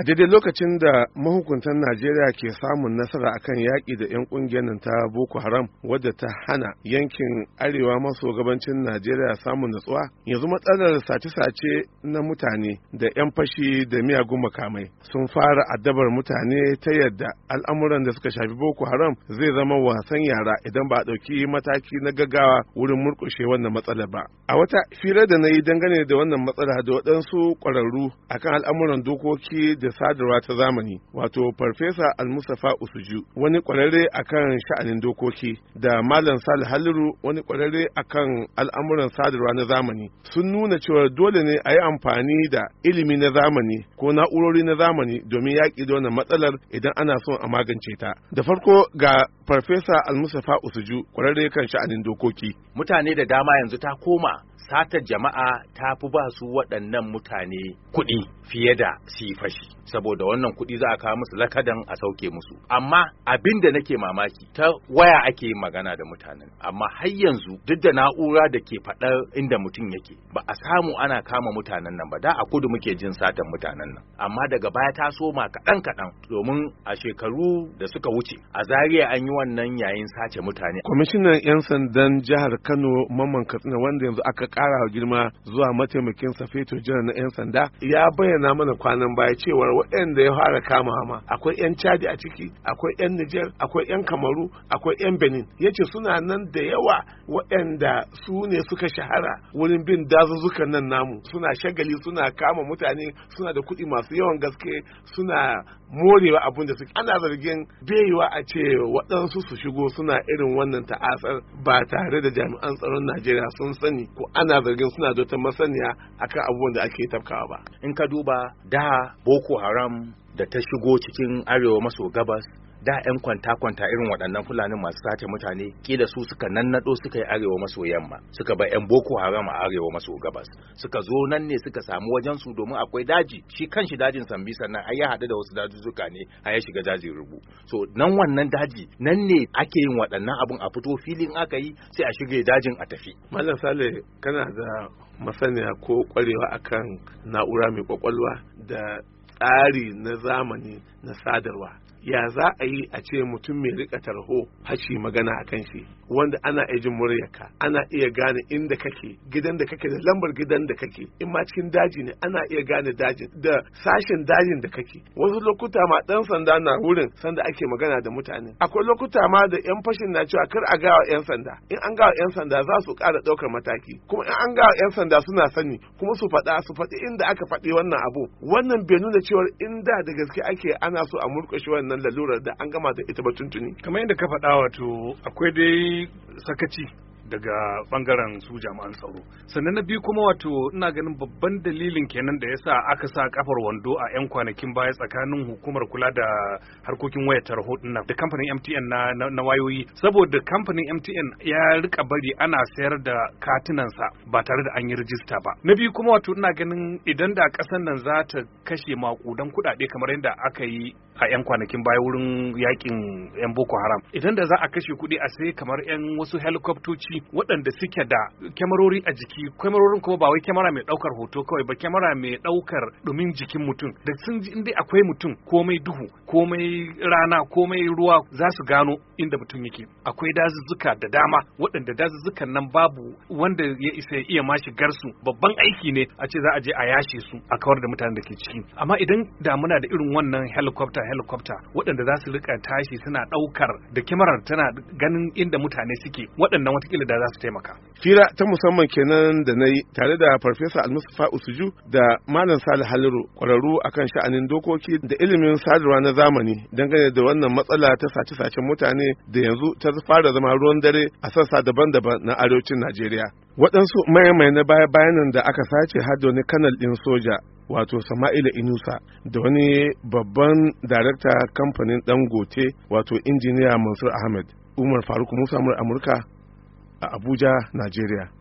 a daidai lokacin da mahukuntan najeriya ke samun nasara akan yaƙi da 'yan ƙungiyar nan ta boko haram wadda ta hana yankin arewa maso gabancin najeriya samun nutsuwa. yanzu matsalar sace-sace na mutane da 'yan fashi da miyagun makamai sun fara addabar mutane ta yadda al'amuran da suka shafi boko haram zai zama wasan yara idan ba a ɗauki mataki na gaggawa wurin murƙushe wannan matsalar ba a wata fira da na yi dangane da wannan matsala da waɗansu ƙwararru akan al'amuran dokoki da da sadarwa ta zamani wato farfesa almusafa usuju wani kwararre akan sha'anin dokoki da malam sal haliru wani kwararre akan al'amuran sadarwa na zamani sun nuna cewa dole ne a yi amfani da ilimi na zamani ko na'urori na zamani domin yaƙi da wannan matsalar idan ana son a magance ta da farko ga farfesa almusafa usuju kwararre kan sha'anin dokoki mutane da dama yanzu ta koma satar jama'a ta fi ba su waɗannan mutane kuɗi fiye da su fashi saboda wannan kuɗi za a kawo musu lakadan a sauke musu amma abin da nake mamaki ta waya ake yin magana da mutanen amma har yanzu duk da na'ura da ke faɗar inda mutum yake ba a samu ana kama mutanen nan ba da a kudu muke jin satan mutanen nan amma daga baya ta soma kaɗan kaɗan domin a shekaru da suka wuce a zariya an yi wannan yayin sace mutane kwamishinan 'yan sandan jihar kano mamman katsina wanda yanzu aka ƙara girma zuwa mataimakin safeto jiran na 'yan sanda ya bayyana mana kwanan baya cewar waɗanda ya fara kama ma akwai 'yan Chadi a ciki akwai 'yan Nijar akwai 'yan Kamaru akwai 'yan Benin yace suna nan da yawa waɗanda su ne suka shahara wurin bin dazuzzukan nan namu suna shagali suna kama mutane suna da kuɗi masu yawan gaske suna morewa abin da suke ana zargin baiwa a ce waɗansu su shigo suna irin wannan ta'asar ba tare da jami'an tsaron Najeriya sun sani ko ana zargin suna da masaniya akan abubuwan da ake tafkawa ba in ka duba da Boko Haram haram da ta shigo cikin arewa maso gabas da 'yan kwanta-kwanta irin waɗannan fulani masu sace mutane kila su suka nannaɗo suka yi arewa maso yamma suka bai 'yan boko haram a arewa maso gabas suka zo nan ne suka samu wajen su domin akwai daji shi kan shi dajin sambi sannan ai ya haɗu da wasu dajuzzuka ne a ya shiga dajin rubu so nan wannan daji nan ne ake yin waɗannan abun a fito filin aka yi sai a shige dajin a tafi malam sale kana da masaniya ko kwarewa akan na'ura mai kwakwalwa da tsari na zamani na sadarwa ya za a yi a ce mutum mai rika tarho hashi magana a kan shi wanda ana iya jin muryarka ana iya gane inda kake gidan da kake da lambar gidan da kake in ma cikin daji ne ana iya gane daji, da sashen dajin da kake wasu lokuta ma dan sanda na wurin sanda ake magana da mutane akwai lokuta ma da yan fashin na cewa kar a gawa yan sanda in an gawa yan sanda za su kara daukar mataki kuma in an gawa yan sanda suna sani kuma su faɗa su faɗi inda aka faɗi wannan abu wannan bai nuna cewa in da da gaske ake ana so a murƙushe wannan wannan lalurar da an gama da ita ba tuntuni kamar yadda ka faɗa wato akwai dai sakaci daga bangaren su jami'an tsaro sannan na biyu kuma wato ina ganin babban dalilin kenan da yasa aka sa kafar wando a 'yan kwanakin baya tsakanin hukumar kula da harkokin wayar tarho dinnan da kamfanin MTN na, na, wayoyi saboda kamfanin MTN ya rika bari ana sayar da katinansa ba tare da an yi rijista ba na biyu kuma wato ina ganin idan da kasan nan za ta kashe makudan kuɗaɗe kamar yadda aka yi a 'yan kwanakin baya wurin yakin 'yan boko haram idan da za a kashe kuɗi a sai kamar 'yan wasu helikwaftoci waɗanda suke da kyamarori a jiki kyamarorin kuma ba wai kyamara mai ɗaukar hoto kawai ba kyamara mai ɗaukar ɗumin jikin mutum da sun ji dai akwai mutum komai duhu komai rana komai ruwa za su gano inda mutum yake akwai dazuzzuka da dama waɗanda dazuzzukan nan babu wanda ya isa ya iya mashi garsu babban aiki ne a ce za a je a yashe su a kawar da mutanen da ke ciki amma idan da muna da irin wannan helicopter helicopter waɗanda za su rika tashi suna ɗaukar da kyamarar tana ganin inda mutane suke waɗannan watakila da za su taimaka. Fira ta musamman kenan da na yi tare da Farfesa Almustapha Usuju da Malam Salih Haliru kwararru akan sha'anin dokoki da ilimin sadarwa na zamani dangane da wannan matsala ta sace-sacen mutane da yanzu ta fara zama ruwan dare a sassa daban-daban na arewacin Najeriya. Waɗansu mayamai na baya-bayanan da aka sace har da wani kanal ɗin soja wato Sama'ila Inusa da wani babban darakta kamfanin Dangote wato injiniya Mansur Ahmed. Umar Faruk Musa Amurka a Abuja, Najeriya.